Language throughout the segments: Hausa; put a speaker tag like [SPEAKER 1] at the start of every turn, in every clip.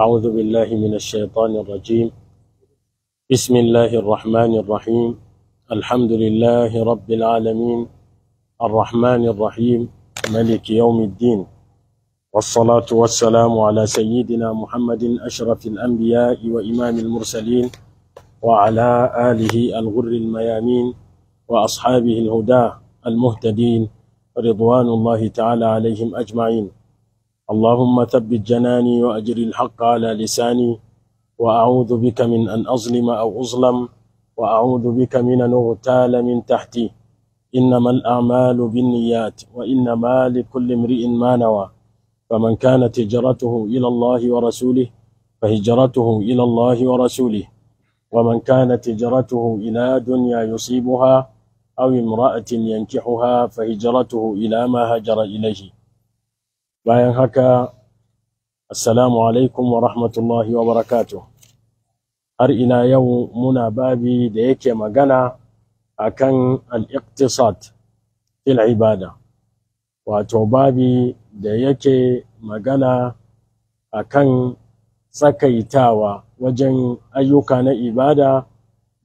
[SPEAKER 1] أعوذ بالله من الشيطان الرجيم بسم الله الرحمن الرحيم الحمد لله رب العالمين الرحمن الرحيم ملك يوم الدين والصلاة والسلام على سيدنا محمد أشرف الأنبياء وإمام المرسلين وعلى آله الغر الميامين وأصحابه الهدى المهتدين رضوان الله تعالى عليهم أجمعين اللهم ثبت جناني وأجر الحق على لساني وأعوذ بك من أن أظلم أو أظلم وأعوذ بك من أن أغتال من تحتي إنما الأعمال بالنيات وإنما لكل امرئ ما نوى فمن كانت هجرته إلى الله ورسوله فهجرته إلى الله ورسوله ومن كانت هجرته إلى دنيا يصيبها أو امرأة ينكحها فهجرته إلى ما هجر إليه bayan haka assalamu alaikum wa rahmatullahi wa barakatuh har ina yau muna babi da yake magana akan al-iqtisad fil ibada wato babi da yake magana akan tsakaitawa wajen ayyuka na ibada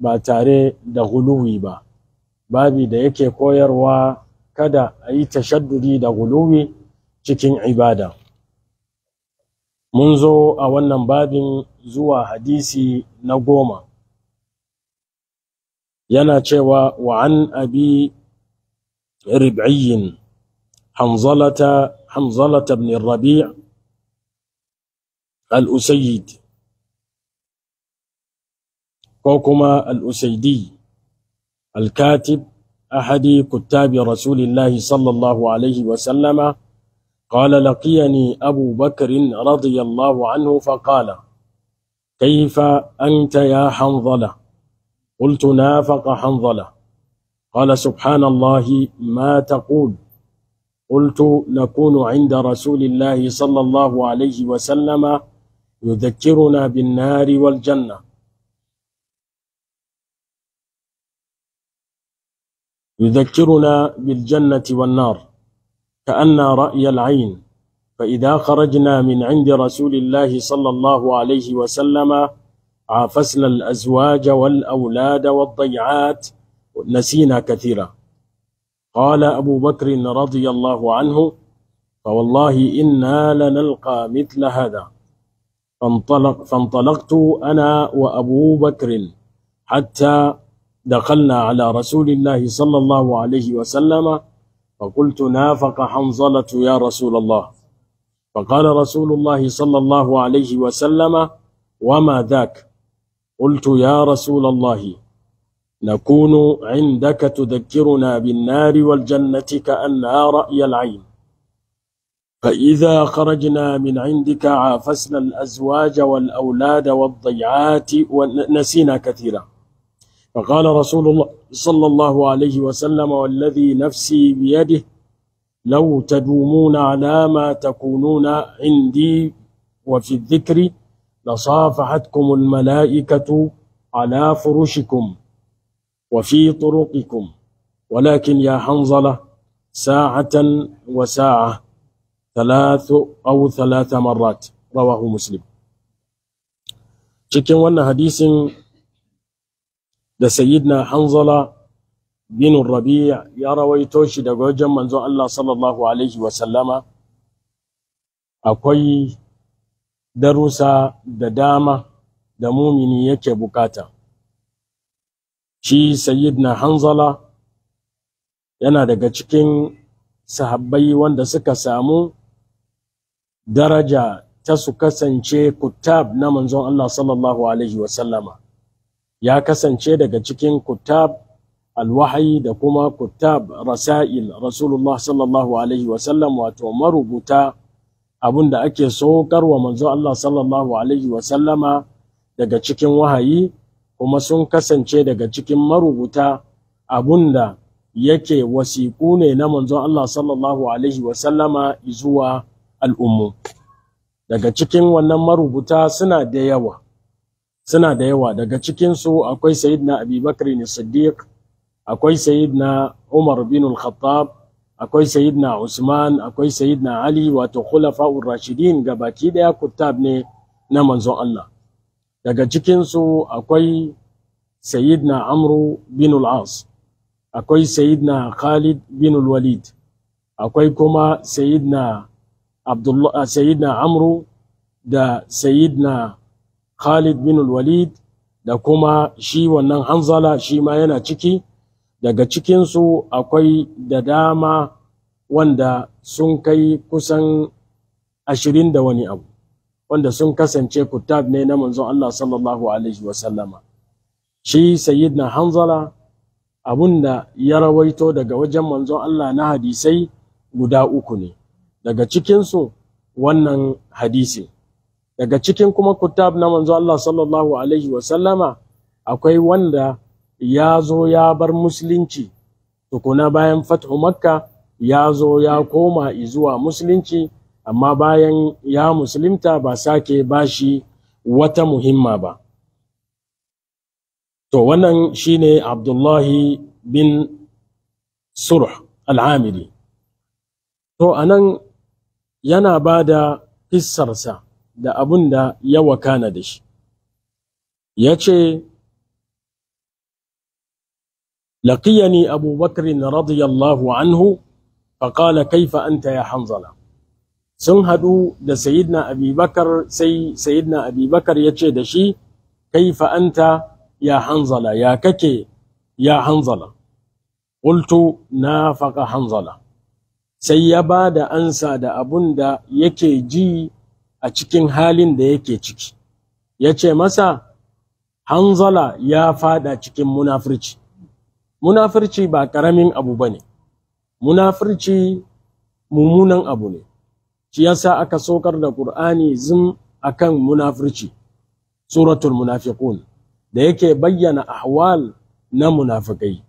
[SPEAKER 1] ba tare da guluwi ba babi da yake koyarwa kada a yi tashaddudi da guluwi cikin ibada mun zo a wannan babin zuwa hadisi na goma yana cewa wa an abi rib'iyin hamzalata hamzalata ibn rabi' al ko kuma al-usaydi al-katib ahadi kuttabi rasulillahi sallallahu alaihi wa قال لقيني أبو بكر رضي الله عنه فقال كيف أنت يا حنظلة قلت نافق حنظلة قال سبحان الله ما تقول قلت نكون عند رسول الله صلى الله عليه وسلم يذكرنا بالنار والجنة يذكرنا بالجنة والنار كأن رأي العين فإذا خرجنا من عند رسول الله صلى الله عليه وسلم عافسنا الأزواج والأولاد والضيعات نسينا كثيرا قال أبو بكر رضي الله عنه فوالله إنا لنلقى مثل هذا فانطلق فانطلقت أنا وأبو بكر حتى دخلنا على رسول الله صلى الله عليه وسلم فقلت نافق حنظلة يا رسول الله فقال رسول الله صلى الله عليه وسلم وما ذاك قلت يا رسول الله نكون عندك تذكرنا بالنار والجنة كأنها رأي العين فإذا خرجنا من عندك عافسنا الأزواج والأولاد والضيعات ونسينا كثيرا فقال رسول الله صلى الله عليه وسلم والذي نفسي بيده لو تدومون على ما تكونون عندي وفي الذكر لصافحتكم الملائكة على فرشكم وفي طرقكم ولكن يا حنظلة ساعة وساعة ثلاث أو ثلاث مرات رواه مسلم شكرا wannan حديث da sayyidina hanzala bin rabi'a ya rawaito shi daga wajen manzon Allah sallallahu alaihi wa sallama akwai darusa da dama da mumini yake bukata shi sayyidina hanzala yana daga cikin sahabbai wanda suka samu daraja ta su kasance kutab na manzon Allah sallallahu alaihi wa sallama ya kasance daga cikin kutab alwahayi da kuma kutab rasail rasulullah sallallahu alaihi wasallam wato marubuta abun da ake saukar wa manzo Allah sallallahu alaihi wasallama daga cikin wahayi kuma sun kasance daga cikin marubuta abun da yake wasiku ne na manzo Allah sallallahu alaihi wasallama zuwa al'ummu daga cikin wannan marubuta suna da yawa suna da yawa daga cikinsu akwai sayidina abubakar ne siddiq akwai sayidina umar bin al-khattab akwai sayidina usman akwai sayidina ali wato khulafa'ur rashidin baki daya kutab ne na manzon Allah daga cikinsu akwai sayidina amru bin al-as akwai sayidina khalid bin al-walid akwai kuma sayidina abdullah sayidina amru da sayidina Khalid bin Walid da kuma shi wannan Hanzala shi ma yana ciki daga cikinsu akwai da dama wanda sun kai kusan ashirin da wani abu wanda sun kasance kutab ne na manzon Allah sallallahu alaihi wasallama shi sayyidna Hanzala abunda ya rawaito daga wajen manzon Allah na hadisai guda uku ne daga cikinsu wannan hadisi daga cikin kuma kutab na manzo Allah sallallahu alaihi wa akwai wanda ya zo ya bar musulunci tukuna bayan fathu makka ya zo ya koma izuwa musulunci amma bayan ya musulunta ba sake bashi wata muhimma ba to wannan shine abdullahi bin surh al'amiri to anan yana ba da fissarsa da abin da ya wakana da shi ya ce لقيني أبو بكر رضي الله عنه فقال كيف أنت يا sun haɗu da sayidna abubakar sai sayidna abubakar ya ce da shi kaifa anta ya hanzala ya kake ya hanzala ƙultu na faƙa hanzala sai ya ba da ansa da abun da yake ji a cikin halin da yake ciki ya ce masa hanzala ya fada cikin munafirci munafirci ba ƙaramin abu ba ne munafirci mummunan abu ne shi yasa aka sokar da ƙur'ani zim akan munafirci suratul munafiqun da yake bayyana ahwal na munafikai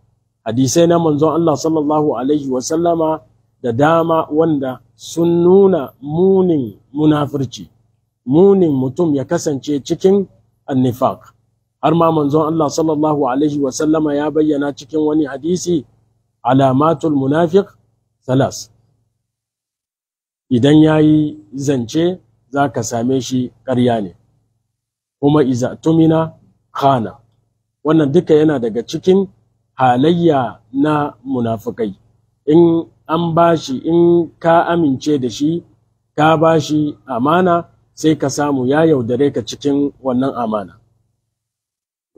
[SPEAKER 1] hadisai na manzon Allah sallallahu alaihi da dama wanda sun nuna munin munafirci munin mutum ya kasance cikin annifak. har ma manzon Allah sallallahu alaihi wa ya bayyana cikin wani hadisi alamatul munafiq salas idan yayi zance za ka same shi ƙarya ne kuma iza tumina khana wannan duka yana daga cikin halayya na munafukai in an ba shi in ka amince da shi ka ba shi amana sai ka samu ya yaudare ka cikin wannan amana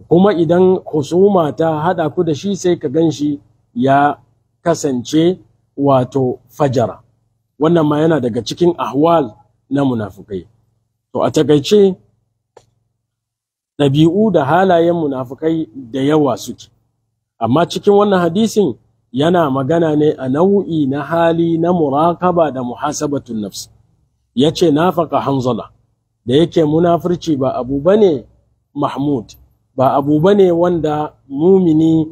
[SPEAKER 1] kuma idan husuma ta haɗa ku da shi sai ka gan shi ya kasance wato fajara wannan ma yana daga cikin ahwal na munafukai to a takaice ɗabi'u da halayen munafukai da yawa suke amma cikin wannan hadisin yana magana ne a nau'i na hali na murakaba da muhasabatun nafsi. ya ce nafaka hanzala da yake munafurci ba abu bane mahmud ba abu bane wanda mumini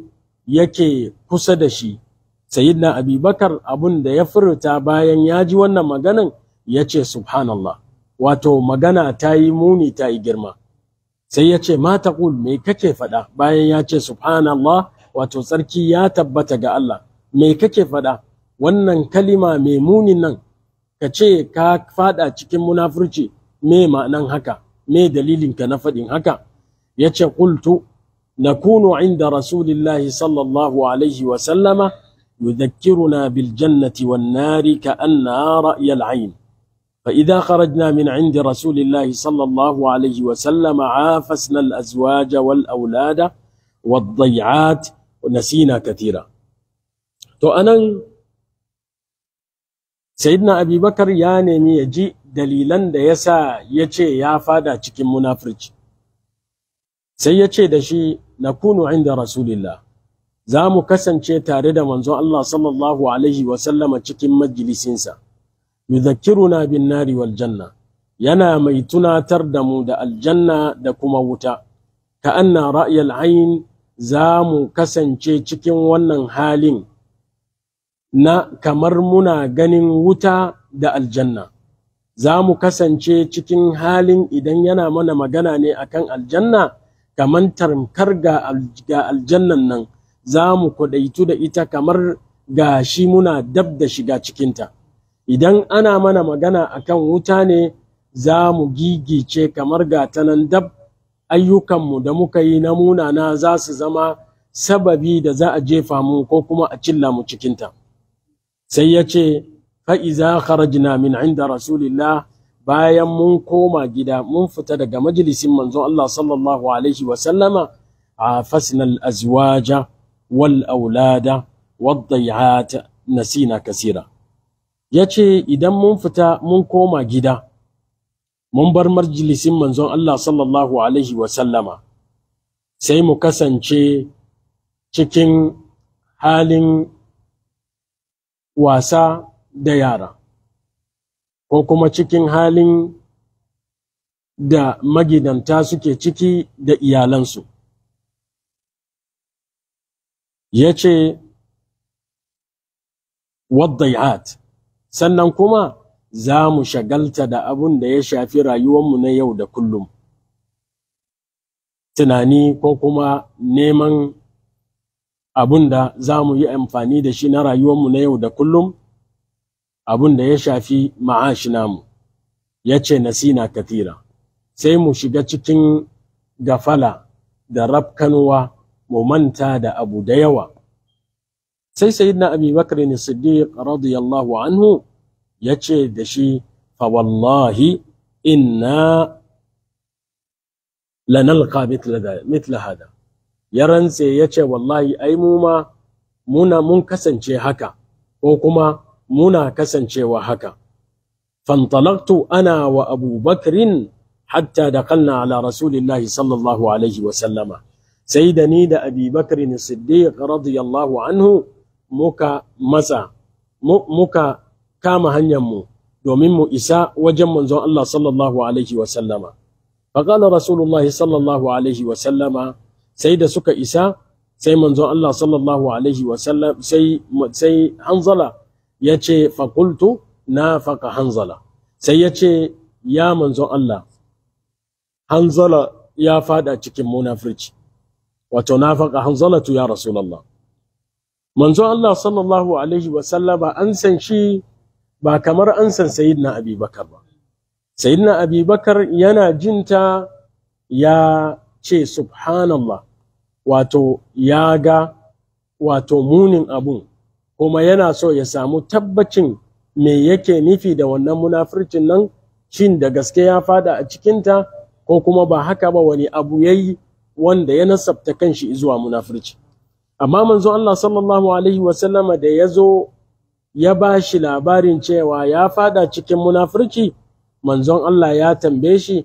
[SPEAKER 1] yake kusa da shi sayyidina abubakar abun da ya furta bayan ya ji wannan maganan ya ce subhanallah wato magana ta yi muni ta yi girma sai ya ce ma taqul me kake faɗa bayan ya ce subhanallah wato sarki ya tabbata ga Allah me kake fada wannan kalima mai munin nan kace ka fada cikin munafurci me ma'anan haka me dalilin ka na fadin haka yace qultu nakunu inda rasulillahi sallallahu alaihi wa sallama يذكرنا بالجنة والنار كأنها رأي العين فإذا خرجنا من عند رسول الله صلى الله عليه وسلم عافسنا الأزواج والأولاد والضيعات nasina katira to anan sayyidina abubakar ya nemi ya ji dalilan da ya sa ya ce ya fada cikin munafirci sai ya ce da shi na kunu inda rasulillah za mu kasance tare da manzon Allah sallallahu alaihi wasallama cikin majalisinsa yuzakkiruna bin nari wal janna yana mai tunatar da mu da aljanna da kuma wuta ka anna ra'yal za mu kasance cikin wannan halin na kamar muna ganin wuta da aljanna za mu kasance cikin halin idan yana mana magana ne akan aljanna kamar tarkar ga aljannan nan za mu kwaɗaitu da ita kamar ga shi muna dab da shiga cikinta idan ana mana magana akan wuta ne za mu gigice kamar ga tanan dab ayyukanmu da muka yi na munana za su zama sababi da za a jefa mu ko kuma a cilla mu cikinta sai ya ce fa'iza kharajina min inda rasulillah bayan mun koma gida mun fita daga majalisin manzon Allah sallallahu alaihi wa a fasnal azwaja wal aulada wad nasina kasira Ya ce idan mun fita mun koma gida mun bar marjilisin manzon Allah sallallahu alaihi wasallama sai mu kasance cikin halin wasa da yara ko kuma cikin halin da magidanta suke ciki da iyalansu ya ce sannan kuma za mu shagalta da abun da ya shafi rayuwanmu na yau da kullum tunani ko kuma neman abun da za mu yi amfani da shi na rayuwanmu na yau da kullum abun da ya shafi ma'ashi namu ya ce nasina katira sai mu shiga cikin gafala da rafkanuwa mu manta da abu da yawa sai sayyidina abi bakr siddiq radiyallahu anhu ya ce da shi fa wallahi inna lanalqa mitla hada ya rantse ya ce wallahi ai mu ma muna mun kasance haka ko kuma muna kasancewa haka fantalaktu ana wa abu bakrin hatta da kalna ala rasulillahi sallallahu alaihi wasallama sai da ni da abi bakrin siddiq radiyallahu anhu muka matsa muka kama hanyar mu domin mu isa wajen manzon Allah sallallahu alaihi wa sallama faqala rasulullah sallallahu alaihi wa sallama sai da suka isa sai manzon Allah sallallahu alaihi wa sallam sai sai hanzala yace faqultu na faqa hanzala sai yace ya manzon Allah hanzala ya fada cikin munafirci wato na faqa hanzalatu ya rasulullah manzon Allah sallallahu alaihi wa sallama an san shi ba kamar an san Sayyidina Abubakar ba. Sayyidina Abubakar yana jinta ya ce Subhanallah, wato ya ga wato munin abun, kuma yana so ya samu tabbacin me yake nufi da wannan munafircin nan, shin da gaske ya fada a cikinta ko kuma ba haka ba wani abu ya yi wanda ya nasabta kanshi zuwa munafirci. Amma manzo Allah sallallahu Alaihi wasallama da ya zo ya ba shi labarin cewa ya fada cikin munafurci manzon Allah ya tambaye shi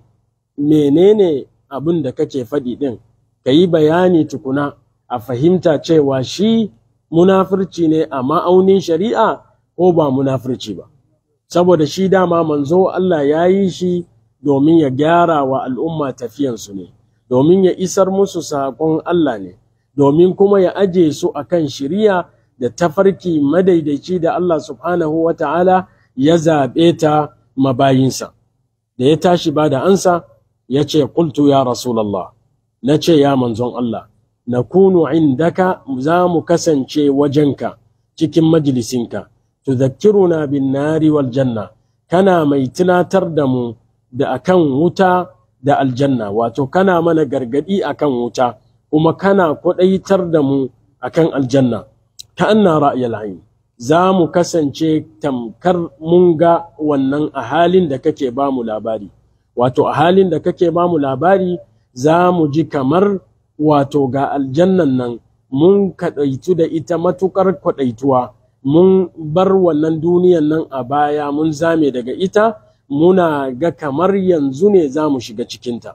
[SPEAKER 1] menene abin da kake faɗi ɗin ka yi bayani tukuna a fahimta cewa shi munafurci ne a ma'aunin shari'a ko ba munafurci ba saboda shi dama manzo Allah ya yi shi domin ya gyara wa al'umma tafiyansu ne domin ya isar musu saƙon Allah ne domin kuma ya aje su akan shari'a da tafarki madaidaici da Allah subhanahu wa ta'ala ya zaɓe ta mabayinsa da ya tashi ba da ansa ya ce Kultu ya rasulallah na ce ya manzon Allah na kunu indaka za mu kasance wajenka cikin majalisinka zakiruna bin nari wal janna kana mai tunatar da mu da akan wuta da aljanna wato kana mana gargadi akan wuta kuma kana kwaɗaitar da mu akan aljanna anna ra'yal ayn za mu kasance tamkar mun ga wannan a halin da kake ba mu labari wato a halin da kake ba mu labari za mu ji kamar wato ga aljannan nan mun kaɗaitu da ita matuƙar kwaɗaituwa mun bar wannan duniyan nan a baya mun zame daga ita muna ga kamar yanzu ne za mu shiga cikinta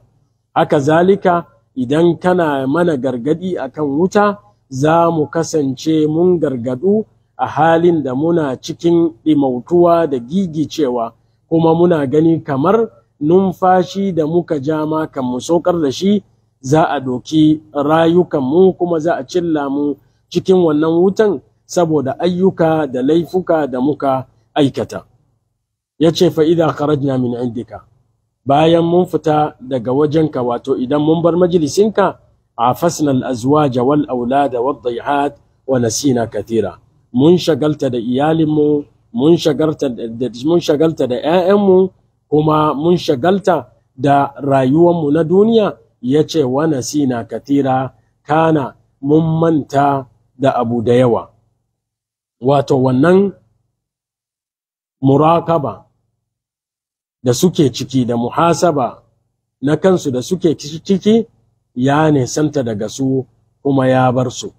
[SPEAKER 1] haka zalika idan kana mana gargaɗi akan wuta za mu kasance mun gargadu a halin da muna cikin ɗimautuwa da gigicewa kuma muna gani kamar numfashi da muka ja kan mu saukar da shi za a doki rayukanmu kuma za a cilla mu cikin wannan wutan saboda ayyuka da laifuka da muka aikata ya ce fa'ida kharajna min indika bayan mun fita daga wajenka wato idan mun bar majalisinka عافسنا الأزواج والأولاد والضيعات ونسينا كثيرا mun shagalta da iyalinmu mun shagalta da mun shagalta da 'ya'yanmu kuma mun shagalta da mu na duniya ya ce wa nasina katira kana mun manta da abu da yawa wato wannan murakaba da suke ciki da muhasaba na kansu da suke ciki ya nisanta daga su kuma ya bar su.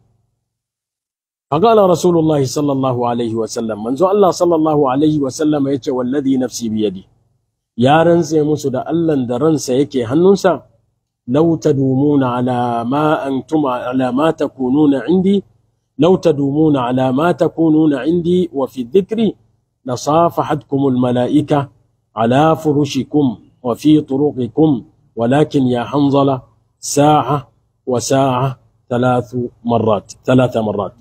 [SPEAKER 1] Fagala Rasulullahi sallallahu Alaihi wasallam, manzo Allah sallallahu Alaihi wasallam ya ce walladi nafsi biyadi, ya rantse musu da Allah da ransa yake hannunsa, lau ta dumuna alama an kununa indi, lau dumuna alama kununa indi wa fi dikri hadkumul mala’ika, ala furushikum wafi fi turuƙikum, walakin ya hanzala, sa'a wa sa'a talatu marrat talata marrat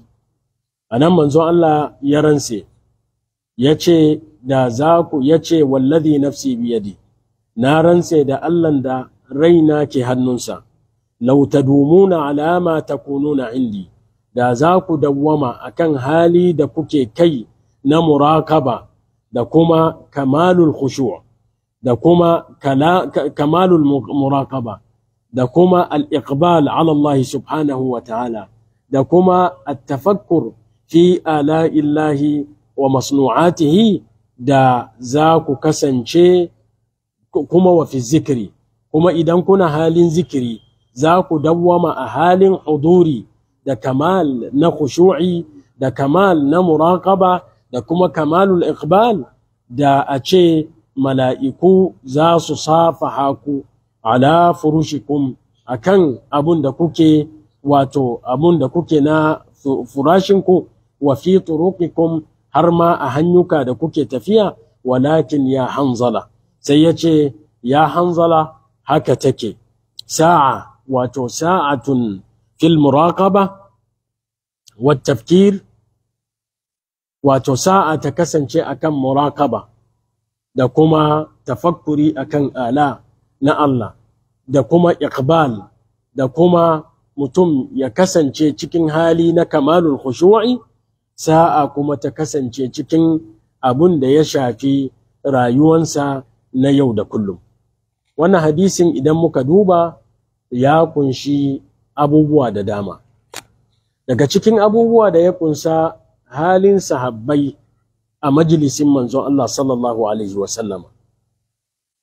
[SPEAKER 1] anan manzon Allah ya rantse yace da za ku yace wallazi nafsi biyadi na rantse da Allah da raina ke hannunsa law tadumuna ala ma takununa indi da za ku dawwama akan hali da kuke kai na murakaba da kuma kamalul khushu' da kuma kamalul murakaba da kuma al-iqbal ala subhanahu wa ta'ala da kuma attafakkur fi ala'illahi wa masnu'atihi da za ku kasance kuma wa fi zikiri kuma idan kuna halin zikiri za ku dawwama a halin huduri da kamal na khushu'i da kamal na muraqaba da kuma kamalul iqbal da a ce mala'iku za su safa haku ala furushikum akan abun da kuke wato abun da kuke na furashinku wa fi turuqikum har ma a hanyuka da kuke tafiya walakin ya hanzala sai ya ce ya hanzala haka take sa'a wato sa'atun fil muraqaba wa tafkir wato sa'a ta kasance akan muraqaba da kuma tafakkuri akan ala na Allah da kuma iqbal da kuma mutum ya kasance cikin hali na kamalul khushu'i sa'a kuma ta kasance cikin abun da ya shafi rayuwansa na yau da kullum wannan hadisin idan muka duba ya kunshi abubuwa da dama daga cikin abubuwa da ya kunsa halin sahabbai a majalisin manzon Allah sallallahu alaihi wasallama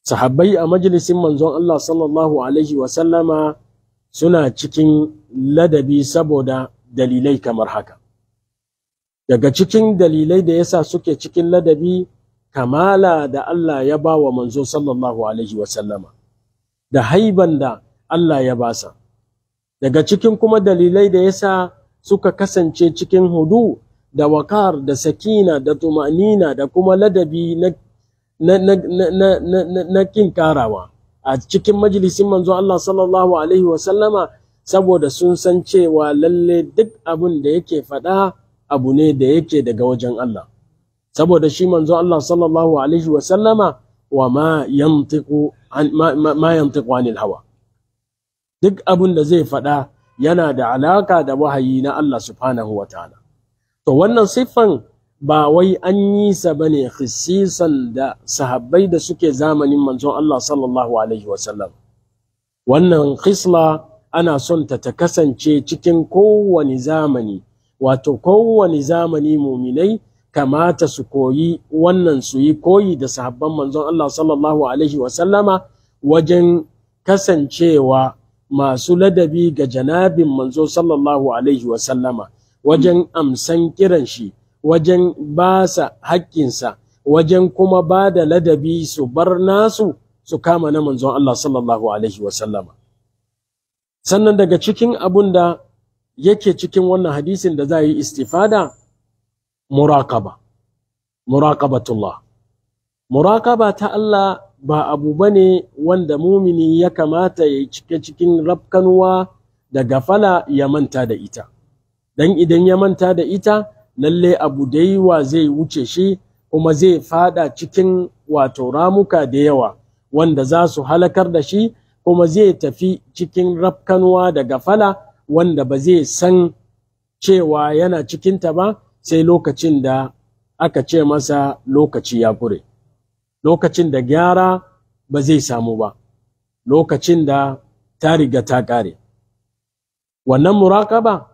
[SPEAKER 1] sahabbai a majalisin manzon Allah sallallahu alaihi wasallama suna cikin ladabi saboda dalilai kamar haka daga cikin dalilai da yasa suke cikin ladabi kamala da Allah ya ba wa manzo sallallahu alaihi wasallama da haiban da Allah ya basa daga cikin kuma dalilai da yasa suka kasance cikin hudu da wakar da sakina da tumanina da kuma ladabi na na kin karawa a cikin majalisin manzo Allah sallallahu alaihi wa sallama saboda sun san cewa lalle duk abin da yake faɗa abu ne da yake daga wajen Allah saboda shi manzo Allah sallallahu alaihi wa sallama wa ma yantiqu ma yantiqu anil hawa duk abin da zai faɗa yana da alaka da wahayi na Allah subhanahu wa ta'ala to wannan siffan ba wai an yi sa ba ne khisisan da sahabbai da suke zamanin manzon Allah sallallahu alaihi wasallam wannan khisla ana son ta ta kasance cikin kowane zamani wato kowane zamani muminai kamata su koyi wannan su yi koyi da sahabban manzon Allah sallallahu alaihi wasallama wajen kasancewa masu ladabi ga janabin manzo sallallahu alaihi wasallama wajen amsan kiran shi wajen basa haƙƙinsa wajen kuma ba da ladabi su bar nasu su kama na manzon Allah sallallahu alaihi wasallama sannan daga cikin abun da yake cikin wannan hadisin da za yi istifada muraƙaba murakabatullah murakaba ta Allah ba abu bane wanda mumini ya kamata ya yi cike cikin rafkanuwa daga fala ya manta da ita dan idan ya manta da ita lalle abu da yiwa zai wuce shi kuma zai fada cikin wato ramuka da yawa wanda za su halakar da shi kuma zai tafi cikin rafkanuwa da gafala wanda ba zai san cewa yana cikinta ba sai lokacin da aka ce masa lokaci ya kure lokacin da gyara ba zai samu ba lokacin da ta riga ta kare wannan muraƙaba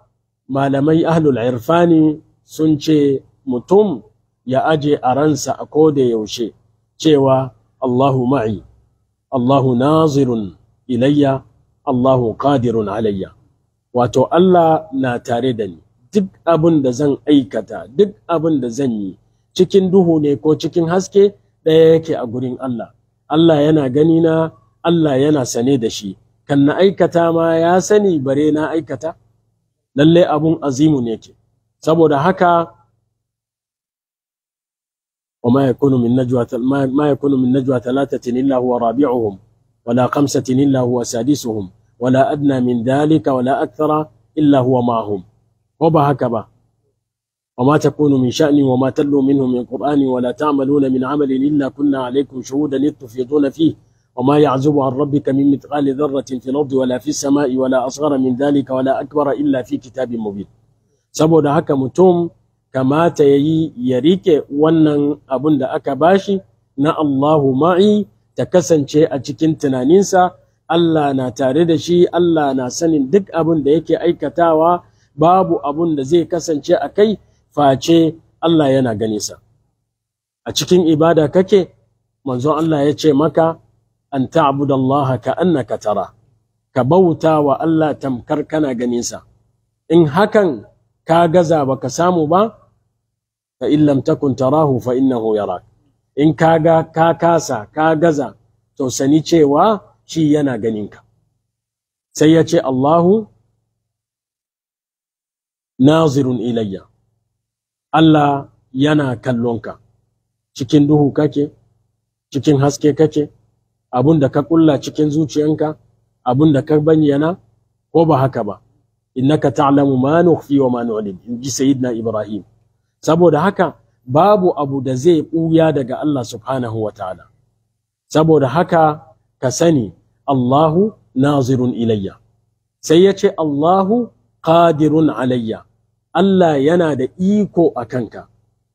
[SPEAKER 1] malamai ahlul irfani sun ce mutum ya aje a ransa a koda yaushe cewa Allahu ma'i, Allahu nazirun ilayya, Allahu qadirun alayya. Wato Allah na tare da ni, duk abin da zan aikata, duk abin da zan yi, cikin duhu ne ko cikin haske ɗaya yake a gurin Allah. Allah yana gani na, Allah yana sane da shi, kan na aikata ma ya sani bare na aikata, Lallai abun azimu ne ke. saboda haka وما يكون من نجوى ما يكون من نجوى ثلاثة إلا هو رابعهم ولا خمسة إلا هو سادسهم ولا أدنى من ذلك ولا أكثر إلا هو معهم وبهكذا وما تكون من شأن وما تلو منه من قرآن ولا تعملون من عمل إلا كنا عليكم شهودا إذ تفيضون فيه وما يعزب عن ربك من مثقال ذرة في الأرض ولا في السماء ولا أصغر من ذلك ولا أكبر إلا في كتاب مبين saboda haka mutum kamata ya yi ya rike wannan abun da aka bashi na Allahu ma'i ta kasance a cikin tunaninsa Allah na tare da shi Allah na sanin duk abin da yake aikatawa babu abun da zai kasance a kai face Allah yana ganinsa a cikin ibada kake manzon Allah ya ce maka an ta'budallaha ka annaka tara ka bauta wa Allah tamkar kana ganinsa in hakan ka gaza ba ka samu ba fa illam takun tarahu fa innahu yarak in ka ga ka kasa ka gaza to sani cewa shi yana ganinka sai ya ce Allahu nazirun ilayya Allah yana kallon ka. cikin duhu kake cikin haske kake abun da ka ƙulla cikin zuciyanka abun da ka bayyana ko ba haka ba innaka ta'lamu ma nukhfi wa ma nu'lin inji sayyidina ibrahim saboda haka babu abu da zai buya daga Allah subhanahu wa ta'ala saboda haka ka sani Allahu nazirun ilayya sai ya ce Allahu qadirun alayya Allah yana da iko a kanka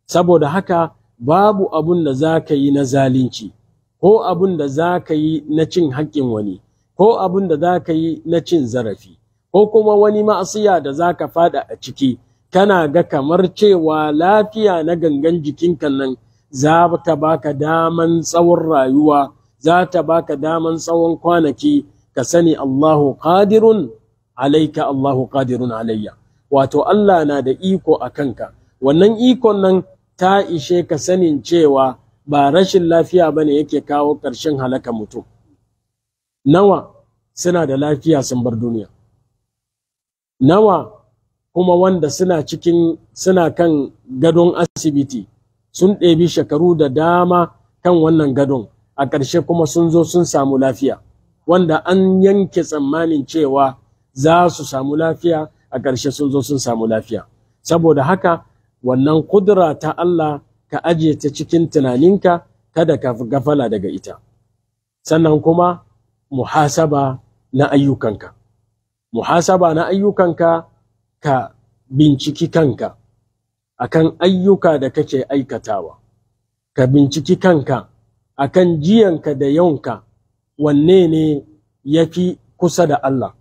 [SPEAKER 1] saboda haka babu abun da za ka yi na zalunci ko abun da za ka yi na cin haƙƙin wani ko abun da za ka yi na cin zarafi ko kuma wani ma'asiya da za ka fada a ciki kana ga kamar cewa lafiya na gangan jikinka nan za ka baka daman tsawon rayuwa za ta baka daman tsawon kwanaki ka sani Allahu qadirun alaika Allahu qadirun alayya wato Allah na da iko a kanka wannan ikon nan ta ishe ka sanin cewa ba rashin lafiya ba ne yake kawo ƙarshen halaka mutum nawa suna da lafiya sun bar duniya nawa kuma wanda suna cikin suna kan gadon asibiti sun ɗebi shekaru da dama kan wannan gadon a ƙarshe kuma sun zo sun samu lafiya wanda an yanke tsammanin cewa za su samu lafiya a ƙarshe sun zo sun samu lafiya saboda haka wannan kudura ta Allah ka ajiye ta cikin tunaninka kada ka gafala daga ita sannan kuma muhasaba na ayyukanka muhasaba na ayyukanka ka binciki kanka akan ayyuka da kake aikatawa ka binciki kanka akan jiyanka da yawanka wanne ne yafi kusa da Allah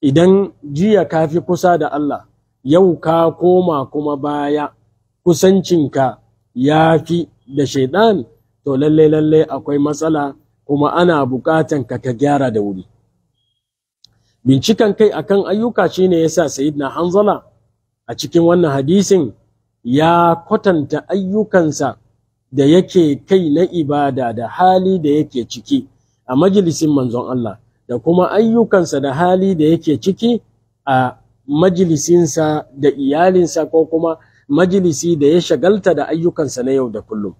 [SPEAKER 1] idan jiya ka fi kusa da Allah yau ka koma kuma baya kusancinka ya fi da shaidan to lalle lalle akwai matsala kuma ana bukatan ka ka gyara da wuri bincikan kai akan ayyuka shine yasa sayyidina hanzala a cikin wannan hadisin ya kwatanta ayyukansa da yake kai na ibada da hali da yake ciki a majalisin manzon Allah da kuma ayyukansa da hali da yake ciki a majalisinsa da iyalinsa ko kuma majalisi da ya shagalta da ayyukansa na yau da kullum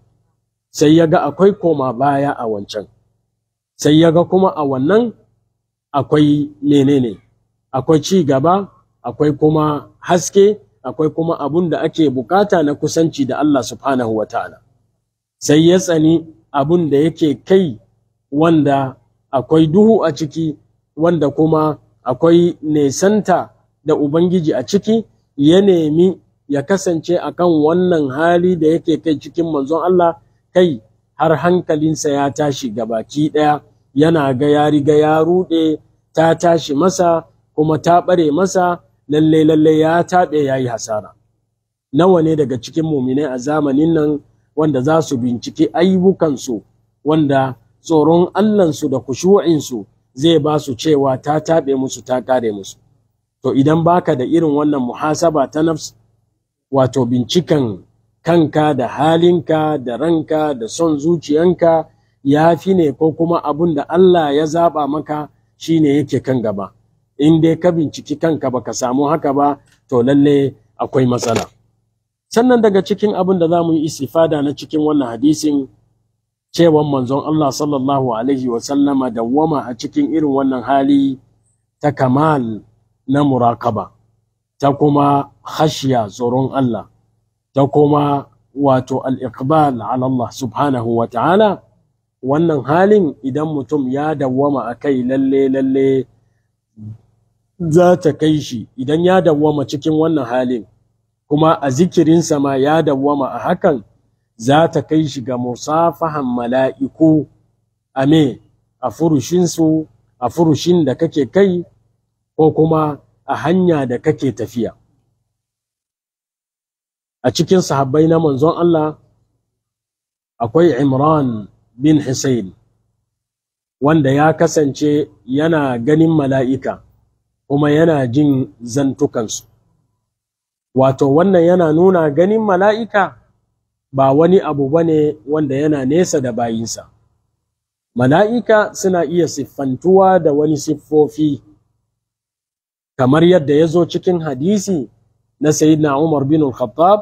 [SPEAKER 1] sai yaga akwai koma baya a wancan sai yaga kuma a wannan akwai menene akwai ci gaba akwai kuma haske akwai kuma abun da ake bukata na kusanci da Allah subhanahu wa ta'ala sai ya tsani abun da yake kai wanda akwai duhu a ciki wanda kuma akwai nesanta da Ubangiji a ciki ya nemi ya kasance a kan wannan hali da yake kai cikin manzon Allah kai har hankalinsa ya tashi gabaki ɗaya. yana ga ya riga ya ruɗe ta tashi masa kuma ta ɓare masa lalle lalle ya taɓe yayi hasara nawa ne daga cikin muminai a zamanin nan wanda za su binciki ayyukansu wanda tsoron allansu da kushu'insu zai ba su cewa ta taɓe musu ta ƙare musu to idan baka da irin wannan muhasaba ta nafs wato bincikan kanka da halinka da ranka da son zuciyanka ya fi ne ko kuma abun da Allah ya zaɓa maka shi ne yake kan gaba in dai ka binciki kanka ba ka samu haka ba to lalle akwai matsala sannan daga cikin abin da za mu yi istifada na cikin wannan hadisin cewan manzon Allah sallallahu alaihi wa sallama dawwama a cikin irin wannan hali ta kamal na murakaba ta kuma hashiya tsoron Allah ta kuma wato al ikbal Allah subhanahu wa ta'ala wannan halin idan mutum ya dawwama a kai lalle lalle za ta kai shi idan ya dawwama cikin wannan halin kuma a zikirinsa ma ya dawwama a hakan za ta kai shi ga musafahan mala'iku a me a furushinsu a furushin da kake kai ko kuma a hanya da kake tafiya a cikin sahabbai na manzon Allah akwai Imran bin Hussein wanda ya kasance yana ganin mala'ika kuma yana jin zantukansu. Wato wannan yana nuna ganin mala'ika ba wani abu bane wanda yana nesa da bayinsa. Mala'ika suna iya siffantuwa da wani siffofi kamar yadda ya zo cikin hadisi na Sayyidina Umar bin al Khattab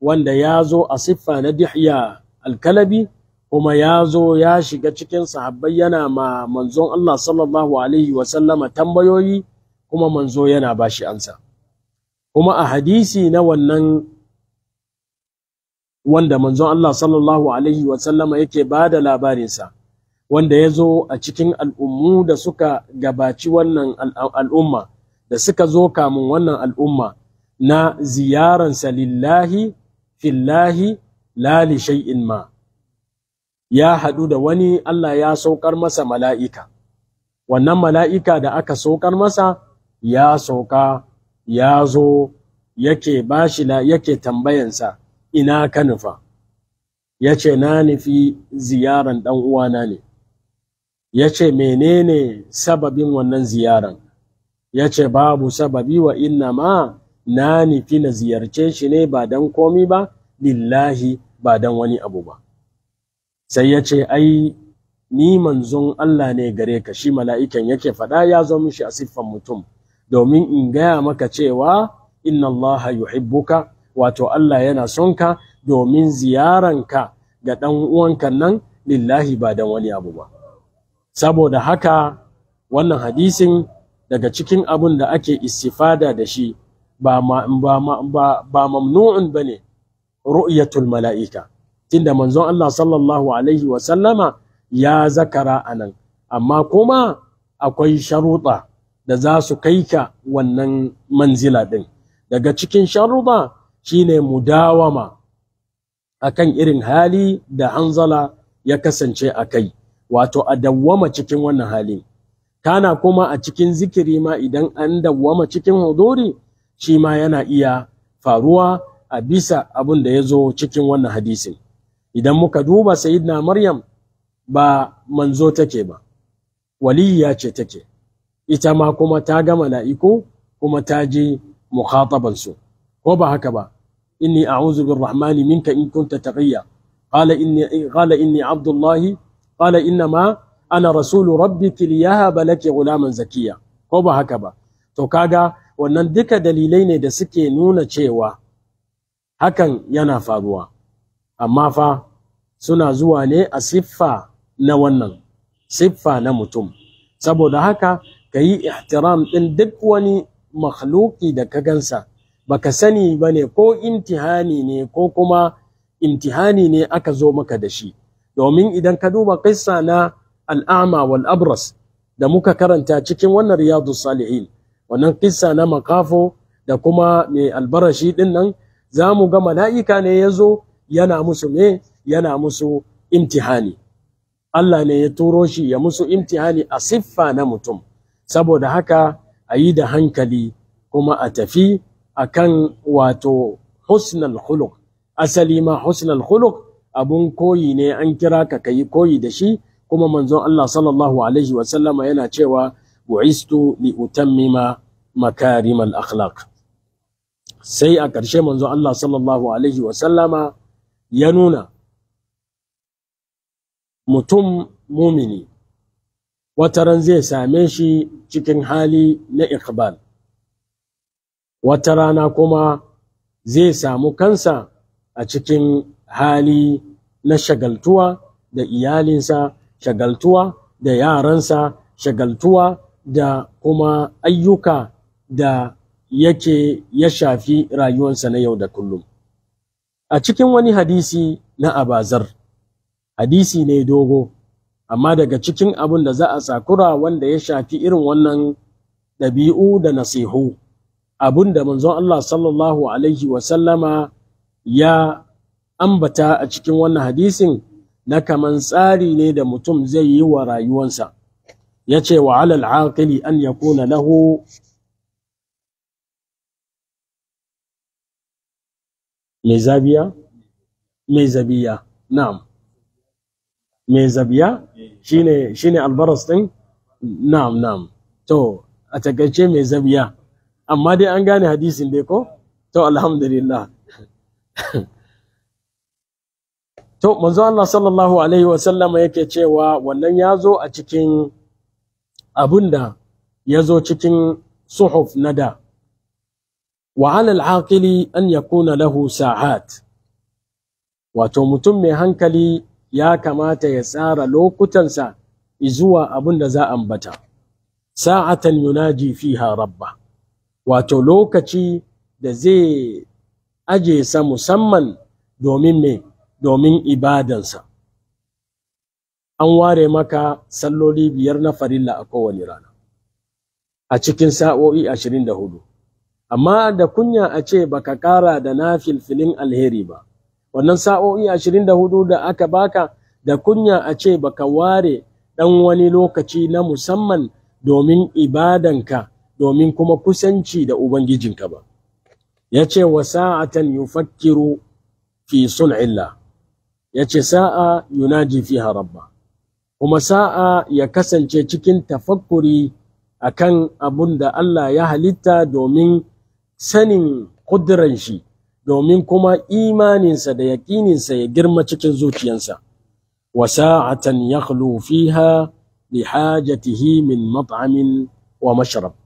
[SPEAKER 1] wanda ya zo a siffa na Dihya alkalabi kuma ya zo ya shiga cikin sahabbai yana ma manzon Allah sallallahu alaihi wasallama tambayoyi kuma manzo yana ba shi ansa kuma a hadisi na wannan wanda manzon Allah sallallahu alaihi wasallama yake ba da labarinsa wanda ya zo a cikin al'ummu da suka gabaci wannan al'umma da suka zo kamun wannan al'umma na ziyaransa lillahi fillahi lali shay'in ma ya haɗu da wani Allah ya saukar masa mala'ika wannan mala'ika da aka saukar masa ya sauka ya zo yake bashi yake tambayansa ina ka nufa ya ce na nufi ziyaran ɗan uwana ne ya ce menene sababin wannan ziyaran ya ce babu sababi wa inna ma na nufi na ziyarce shi ne ba don komi ba lillahi ba don wani abu ba sai ya ce ai ni manzon Allah ne gare ka shi mala'ikan yake faɗa ya zo mishi a siffan mutum domin in gaya maka cewa inna Allah yuhibbuka wato Allah yana son ka domin ziyaranka ga ɗan uwanka nan lillahi ba dan wani abu ba saboda haka wannan hadisin daga cikin abun da ake istifada da shi ba mamnu'un ba ne ru'yatul mala'ika tunda manzon Allah sallallahu alaihi wa ya zakara a nan. amma kuma akwai sharuɗa da za su kai ka wannan manzila ɗin daga cikin sharuɗa shine mudawama akan irin hali da hanzala ya kasance a kai wato a dawwama cikin wannan hali kana kuma a cikin zikiri ma idan an dawwama cikin huduri shi ma yana iya faruwa a bisa abin da ya zo cikin wannan hadisin idan muka duba sayyidina maryam ba manzo take ba waliya ce take ita ma kuma ta ga mala'iku kuma ta ji su. ko ba haka ba inni a'udhu birrahmani minka in kunta taqiyya qala inni qala inni abdullahi qala inna ma ana rasulu rabbiki liyahaba laki gulaman zakiya ko ba haka ba to kaga wannan duka dalilai ne da suke nuna cewa hakan yana faruwa amma fa suna zuwa ne a siffa na wannan siffa na mutum saboda haka ka yi ihtiram ɗin duk wani makhluki da ka gansa ba ka sani ba ne ko intihani ne ko kuma imtihani ne aka zo maka da shi domin idan ka duba kissa na al'ama wal abras da muka karanta cikin wannan riyadu salihin wannan kissa na makafo da kuma mai albarashi ɗin nan za mu ga mala'ika ne ya zo yana musu me yana musu imtihani Allah ne ya turo shi ya musu imtihani a siffa na mutum saboda haka a yi da hankali kuma a tafi akan wato husnal khuluq asali ma husnal khuluq abun koyi ne an kira ka kayi koyi da shi kuma manzon Allah sallallahu alaihi wa sallama yana cewa bu'istu li utammima makarimal akhlaq sai a ƙarshe manzon Allah sallallahu alaihi wa sallama ya nuna mutum mumini ran zai same shi cikin hali na iqbal wata rana kuma zai samu kansa a cikin hali na shagaltuwa da iyalinsa shagaltuwa da yaransa shagaltuwa da kuma ayyuka da yake ya shafi rayuwarsa na yau da kullum a cikin wani hadisi na abazar hadisi ne dogo amma daga cikin abin da za a sakura wanda ya shafi irin wannan ɗabi'u da nasihu abin da manzon Allah sallallahu alaihi wasallama ya ambata a cikin wannan hadisin na kaman tsari ne da mutum zai yi wa rayuwansa ya ce wa alal aqili an yakuna lahu mai zabiya mai zabiya na'am mai zabiya shine shine albaras din na'am na'am to a takaice mai zabiya amma dai an gane hadisin dai ko to alhamdulillah to manzo Allah sallallahu alaihi wa sallama yake cewa wannan ya zo a cikin abunda ya zo cikin suhuf na da وعلى العاقل أن يكون له ساعات wato mutum mai hankali ya kamata ya tsara lokutansa izuwa abin da za a ambata sa'atan yunaji fiha rabba wato lokaci da zai aje sa musamman domin mai domin ibadansa an ware maka salloli biyar na farilla a kowane rana a cikin sa'o'i ashirin da hudu amma da kunya a ce baka kara da na filfilin alheri ba wannan sa'o'i ashirin da hudu da aka baka da kunya a ce baka ware ɗan wani lokaci na musamman domin ibadanka domin kuma kusanci da ubangijinka ba ya ce wa sa'atan yufakkiru fi illa ya ce sa'a yunaji fiha rabba kuma sa'a ya kasance cikin tafakkuri akan abun da Allah ya halitta domin sanin kudiran shi domin kuma imaninsa da yaƙininsa ya girma cikin zuciyansa wa sa'atan yakhlu fiha li hajatihi min mat'amin wa mashrab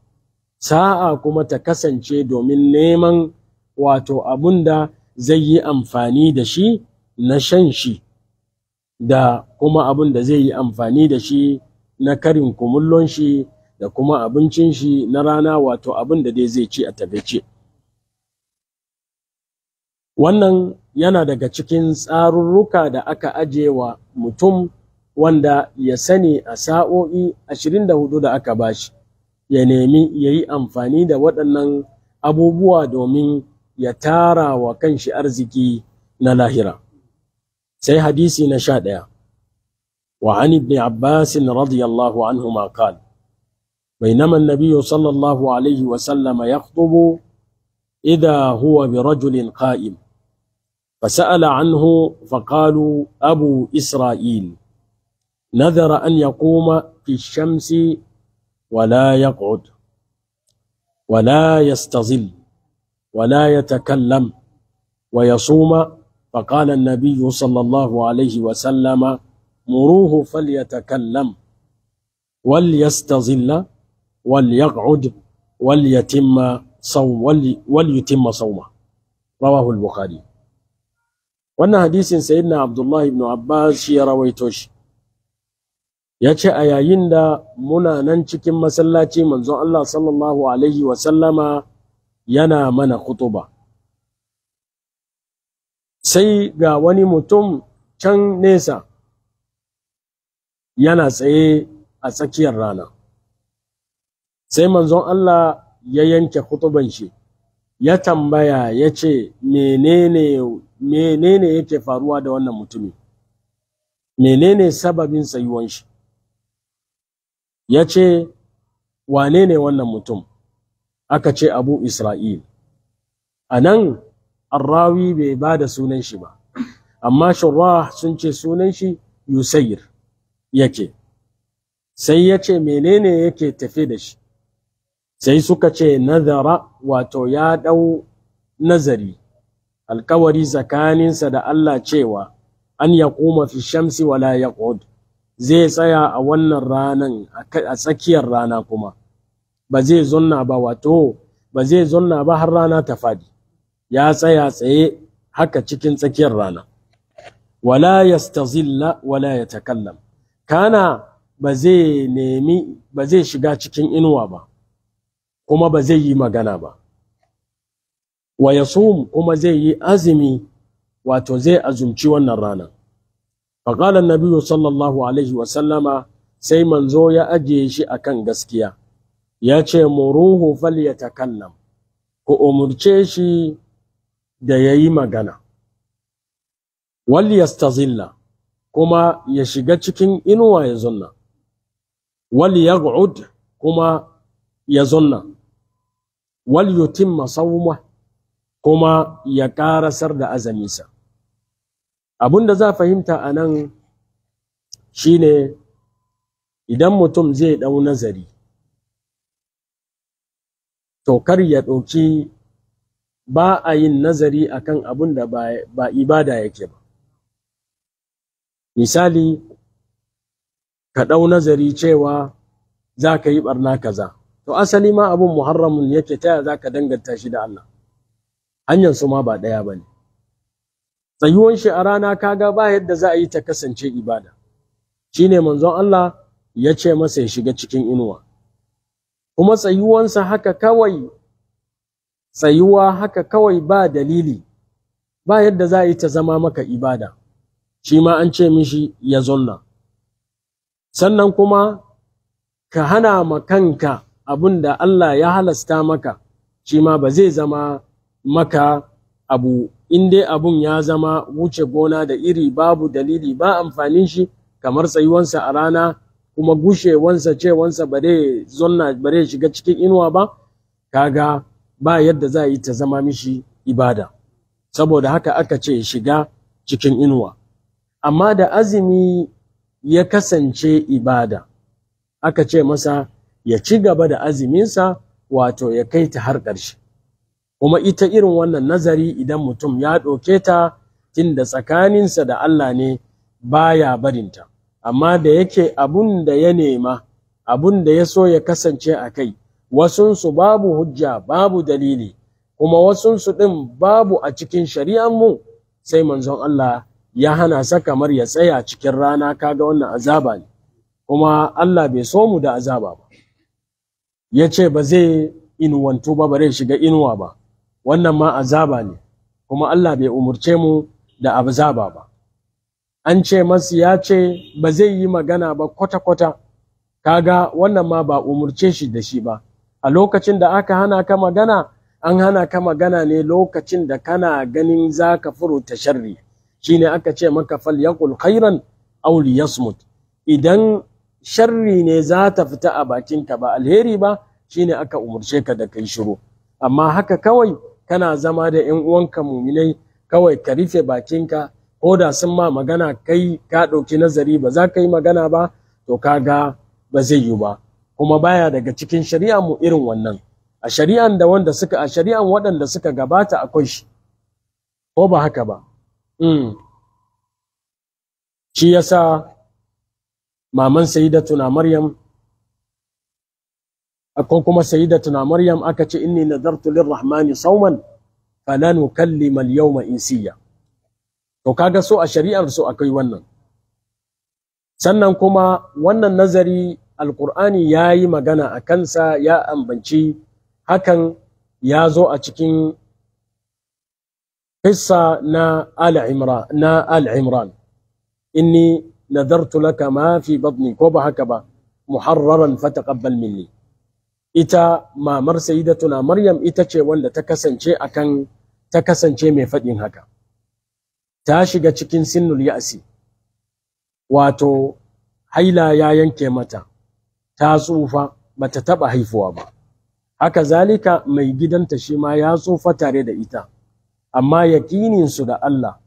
[SPEAKER 1] sa'a kuma ta kasance domin neman wato abun da zai yi amfani da shi na shan shi da kuma abun da zai yi amfani da shi na karin kumullon shi da kuma abincin shi na rana wato abin da dai zai ci a tafice wannan yana daga cikin tsarurruka da aka aje wa mutum wanda ya sani a sa'o'i 24 da aka bashi ya nemi ya yi amfani da waɗannan abubuwa domin ya tara wa kanshi arziki na lahira sai hadisi na sha ɗaya wa ibn abbasin radiyallahu anhu ma qala بينما النبي صلى الله عليه وسلم يخطب إذا هو برجل قائم فسأل عنه فقالوا أبو إسرائيل نذر أن يقوم في الشمس ولا يقعد ولا يستظل ولا يتكلم ويصوم فقال النبي صلى الله عليه وسلم مروه فليتكلم وليستظل وليقعد وليتم صوم yatimma bukhari wannan hadisin sayyidina abdullah ibn abbas ya rawaito shi ya ce a yayin da muna nan cikin masallaci manzon Allah sallallahu alaihi wa sallama yana mana kutuba sai ga wani mutum can nesa yana tsaye a tsakiyar rana sai manzon Allah ya yanke kutuban shi ya tambaya ya ce menene menene yake faruwa da wannan mutumin menene sababin sayuwan shi ya ce wane ne wannan mutum aka ce abu isra'il a nan arrawi bai ba da sunan shi ba amma shurah sun ce sunan shi yusayir yake sai ya ce menene yake tafe da shi sai suka ce nazara wato ya ɗau nazari alkawari tsakaninsa da Allah cewa an ya kuma fi shamsi wala ya zai tsaya a wannan ranan a tsakiyar rana kuma ba zai zonna ba wato ba zai zonna ba har rana ta fadi ya tsaya tsaye haka cikin tsakiyar rana wala yastazilla wala ya takallam. kana ba zai nemi ba zai shiga cikin inuwa ba kuma ba zai yi magana ba wa yasum kuma zai yi azumi wato zai azumci wannan rana faqala an sallallahu alaihi wa sai manzo ya ajiye shi akan gaskiya ya ce muruhu falyatakallam ku umurce shi da ya yi magana wal yastazilla kuma ya shiga cikin inuwa ya zunna wal kuma ya zunna wal yutimma kuma ya karasar da azaminsa abun da za fahimta a nan shine idan mutum zai ɗau nazari to kar ya ɗauki ba a yin nazari akan abun da ba ibada yake ba misali ka ɗau nazari cewa za ka yi ɓarna kaza to asali ma abun muharramun yake ta yaya zaka danganta shi da Allah hanyar su ma ba ɗaya bane tsayuwan shi a rana kaga ba yadda za a yi ta kasance ibada shine manzon Allah ya ce masa ya shiga cikin inuwa kuma tsayuwansa haka kawai tsayuwa haka kawai ba dalili ba yadda za a yi ta zama maka ibada shi ma an ce mishi ya zonna sannan kuma ka hana ma kanka abin da Allah ya halasta maka shi ma ba zai zama maka abu in dai abun ya zama wuce gona da iri babu dalili ba amfanin shi kamar tsayuwansa a rana kuma gushewansa cewansa ba dai zonna ba dai shiga cikin inuwa ba kaga ba yadda za yi ta zama mishi ibada saboda haka aka ce shiga cikin inuwa amma da azumi ya kasance ibada aka ce masa ya ci gaba da aziminsa wato ya kai ta har ƙarshe kuma ita irin wannan nazari idan mutum ya ɗauke ta tinda tsakaninsa da Allah ne baya barinta amma da yake abun da ya nema abun da ya so ya kasance a kai wasunsu babu hujja babu dalili kuma wasunsu ɗin babu a cikin shari'anmu sai manzon Allah ya hana sa kamar ya tsaya cikin rana kaga wannan azaba ne kuma Allah bai so mu da azaba ba ya ce ba zai inuwantu ba ba shiga inuwa ba wannan ma azaba ne kuma Allah bai umurce mu da azaba ba an ce masu ya ce ba zai yi magana ba kwata-kwata kaga wannan ma ba umurce shi da shi ba a lokacin da aka hana ka magana an hana ka magana ne lokacin da kana ganin za ka furuta sharri shine aka ce maka fal yaqul khairan aw liyasmut idan sharri ne za ta fita a bakinka ba alheri ba shine aka umarce ka da kai shiru amma haka kawai kana zama da yan uwanka muminai kawai ka rufe bakinka ko da sun ma magana kai ka ɗauki nazari ba za ka yi magana ba to ka ga ba zai yi ba kuma baya daga cikin shari'a mu irin wannan a shari'an da wanda suka a shari'an waɗanda suka gabata akwai shi ko ba haka ba hmm. shi yasa maman sayyidatuna maryam ko kuma sayyidatuna maryam aka ce inni nadartu lirrahmani sauman fala nukallima al-yawma insiya to kaga so a shari'ar so akwai wannan sannan kuma wannan nazari alqur'ani yayi magana a kansa ya ambanci hakan ya zo a cikin qissa na al-imran na al-imran inni nadartu laka ma fi batni ko ba haka ba muharraran fataqabbal minni ita mamar sayyidatuna maryam ita ce wanda ta kasance akan ta kasance mai faɗin haka ta shiga cikin sinnul ya'si wato haila ya yanke mata ta tsufa bata taɓa haifuwa ba haka zalika mai gidanta shi ma ya tsufa tare da ita amma yakininsu da Allah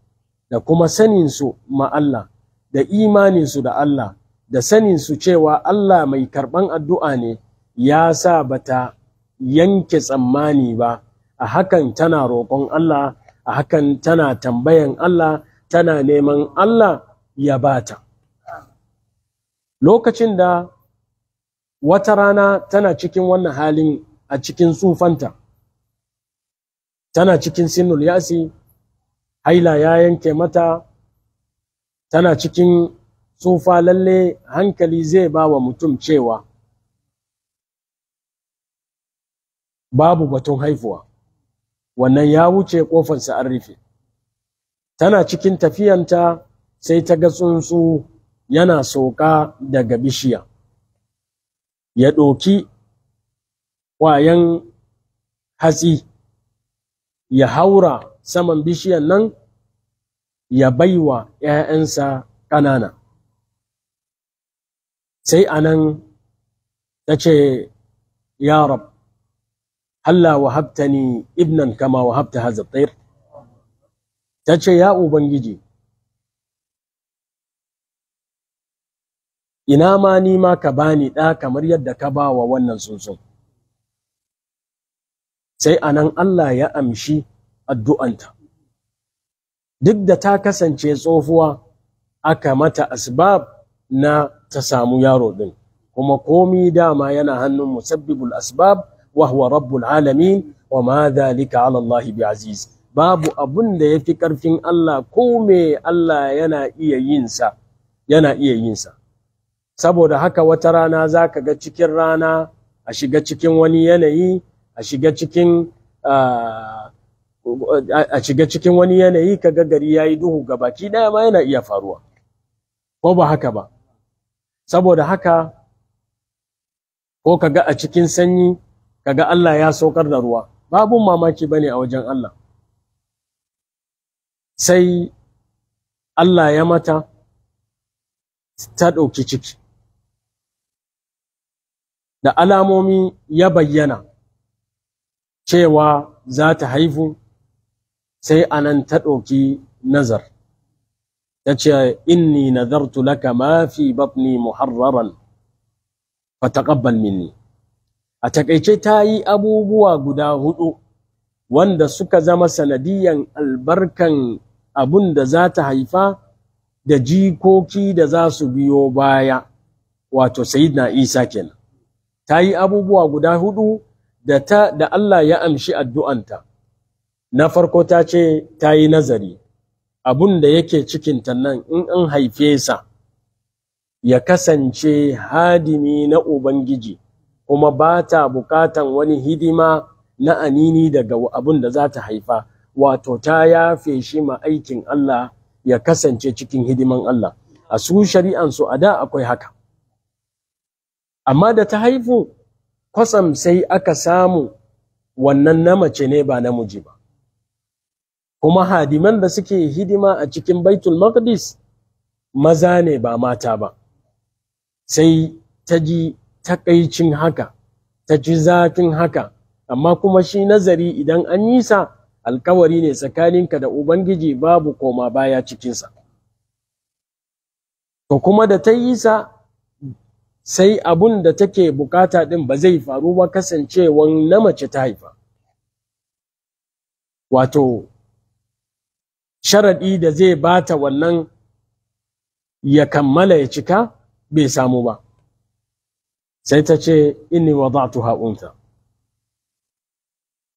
[SPEAKER 1] da kuma saninsu ma Allah da imaninsu da Allah da saninsu cewa Allah mai karɓan addu'a ne ya sa bata yanke tsammani ba a hakan tana roƙon Allah a hakan tana tambayan Allah tana neman Allah ya bata lokacin da wata rana tana cikin wannan halin a cikin sufanta, tana cikin sinul yasi haila ya yanke mata tana cikin tsufa lalle hankali zai ba wa mutum cewa babu batun haifuwa wannan ya wuce ƙofarsa an rufe tana cikin tafiyanta sai ta ga tsuntsu yana soka daga bishiya ya ɗoki ƙwayan hatsi ya haura saman bishiyan nan ya baiwa ‘ya'yansa ƙanana. Sai a nan ta ce, Ya Rab, Allah wahabta ni ibnan kama wahabta hazattair. Ta ce, Ya Ubangiji, ina ma ni ma ka bani ɗa kamar yadda ka ba wa wannan tsuntsun. Sai a nan Allah ya amshi addu'anta. duk da ta kasance tsofuwa aka mata asbab na ta samu yaro din kuma komi dama yana hannun musabbibul asbab wa huwa rabbul alamin wa ma dhalika ala Allah bi aziz babu abun da yafi karfin Allah ko me Allah yana iya yin sa yana iya yin sa saboda haka wata rana zaka ga cikin rana a shiga cikin wani yanayi a shiga cikin uh, a shiga cikin wani yanayi kaga gari ya yi duhu ga baki daya ma yana iya faruwa ko ba haka ba saboda haka ko kaga a cikin sanyi kaga Allah ya saukar da ruwa babu mamaki ba ne a wajen Allah sai Allah ya mata ta ɗauki ciki da alamomi ya bayyana cewa za ta haifu sai anan ta ɗauki nazar ta ce inni nazartu laka ma fi batni muharraran ƙabban minni a takaice ta yi abubuwa guda hudu wanda suka zama sanadiyan albarkan abun da za ta haifa da jikoki da za su biyo baya wato na isa kenan ta yi abubuwa guda hudu da da Allah ya amshi addu'anta na farko ta ce ta yi nazari abun da yake cikinta nan in an haife sa ya kasance hadimi na ubangiji kuma ba ta bukatan wani hidima na anini daga abun da za ta haifa wato ta yafe shi ma aikin Allah ya kasance cikin hidiman Allah a su shari'an a da akwai haka amma da ta haifu kwasam sai aka samu wannan na mace ne ba namiji ba kuma hadiman da suke hidima a cikin baitul maqdis maza ne ba mata ba sai ta ji takaicin haka ta ji zafin haka amma kuma shi nazari idan an yi sa alkawari ne tsakaninka da ubangiji babu koma baya cikinsa to kuma da ta yi sa sai abun da take bukata din ba zai faru ba kasancewan na mace ta haifa wato sharaɗi da zai bata wannan ya kammala ya cika bai samu ba sai ta ce inni wada'tuha unta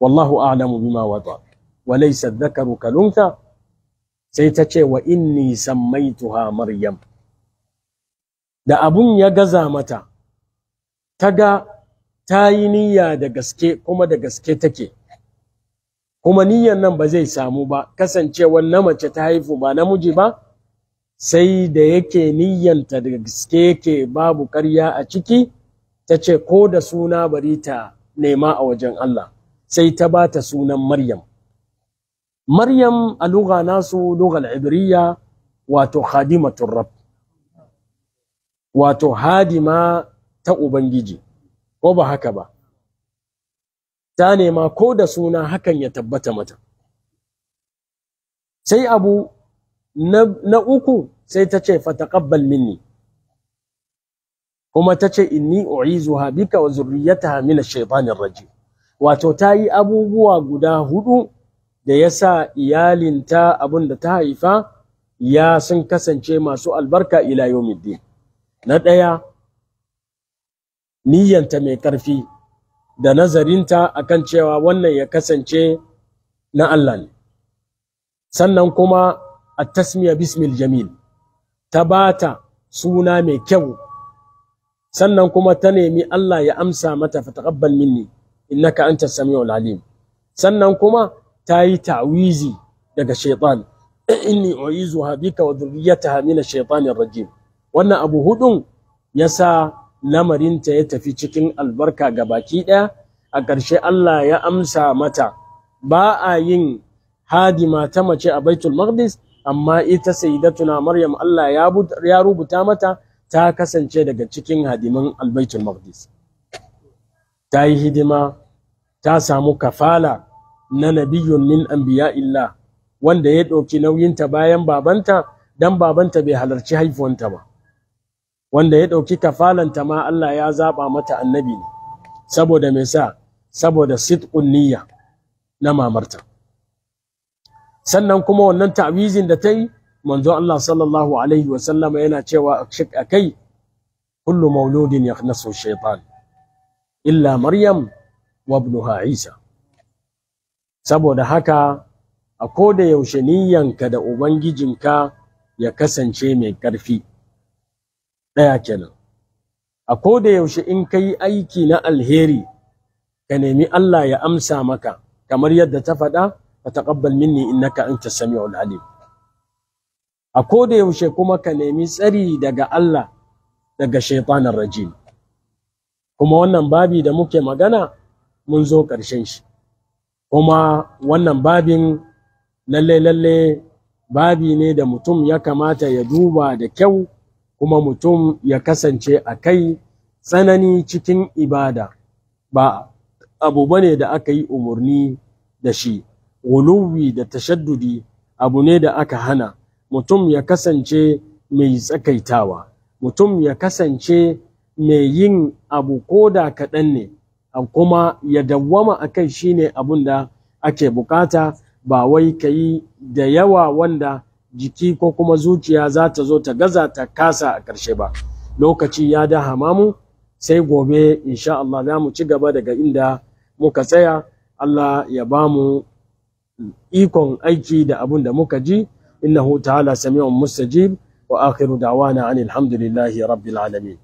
[SPEAKER 1] wallahu a'lamu bima wada wa laysa dhakaru kalunta sai ta ce wa inni sammaituha maryam da abun ya gaza mata ta ga ta yi niyya da gaske kuma da gaske take kuma niyyar nan ba zai samu ba kasancewar na mace ta haifu ba namiji ba sai da yake niyyanta da gaske yake babu karya a ciki ta ce ko da suna bari ta nema a wajen Allah sai ta ba ta sunan Maryam. Maryam a lugha nasu lughal ibriya wato khadimatur rab wato hadima ta Ubangiji ko ba haka ba ta nema ko da suna hakan ya tabbata mata sai abu na uku sai ta ce fataqabbal minni kuma ta ce inni u'izuha bika wa zurriyataha min ash-shaytanir raji? wato ta yi abubuwa guda hudu da ya sa iyalinta abin da ta haifa ya sun kasance masu albarka ila yawmiddin na ɗaya niyyanta mai ƙarfi da nazarinta akan cewa wannan ya kasance na Allah ne sannan kuma a tasmiya bismil jamil ta bata suna mai kyau sannan kuma ta nemi Allah ya amsa mata fataqabbal minni innaka antas samiul alim sannan kuma ta yi ta'wizi daga shaitan inni uizuha bika wa dhurriyyataha min ash-shaytanir rajim wannan abu hudun yasa lamarinta ya tafi cikin albarka ga baki ɗaya a ƙarshe Allah ya amsa mata ba a yin hadima ta mace a baitul maqdis amma ita sayyidatuna maryam Allah ya rubuta mata ta kasance daga cikin hadiman albaitul maqdis ta yi hidima ta samu kafala na nabiyun min illa wanda ya ɗauki nauyinta bayan babanta dan babanta bai halarci haifuwanta ba wanda ya ɗauki kafalanta ma Allah ya zaɓa mata annabi ne saboda me sa saboda sidqun niyya na mamarta sannan kuma wannan ta'wizin da ta yi manzo Allah sallallahu alaihi wa sallama yana cewa a kai kullu mauludin yakhnasu shaytan illa maryam wa ibnuha isa saboda haka a ko da yaushe niyyanka da ubangijinka ya kasance mai ƙarfi. ɗaya kenan a ko da yaushe in ka yi aiki na alheri ka nemi Allah ya amsa maka kamar yadda ta faɗa fa taqabbal minni innaka anta samiu alim a ko da yaushe kuma ka nemi tsari daga Allah daga shaytanar rajim kuma wannan babi da muke magana mun zo ƙarshen shi kuma wannan babin lalle lalle babi ne da mutum ya kamata ya duba da kyau kuma mutum ya kasance a kai tsanani cikin ibada ba abu bane da aka yi umarni da shi wuluwi da tashaddudi abu ne da aka hana mutum ya kasance mai tsakaitawa mutum ya kasance mai yin abu ko da kaɗan ne kuma ya dawwama a kai shi ne abun da ake bukata ba wai ka yi da yawa wanda jiki ko kuma zuciya za ta zo ta gaza ta kasa a ƙarshe ba lokaci ya da hamamu sai gobe insha Allah za mu ci gaba daga inda muka tsaya Allah ya ba mu ikon aiki da abin da muka ji innahu ta'ala sami'un mustajib wa akhiru da'wana anil hamdulillahi rabbil alamin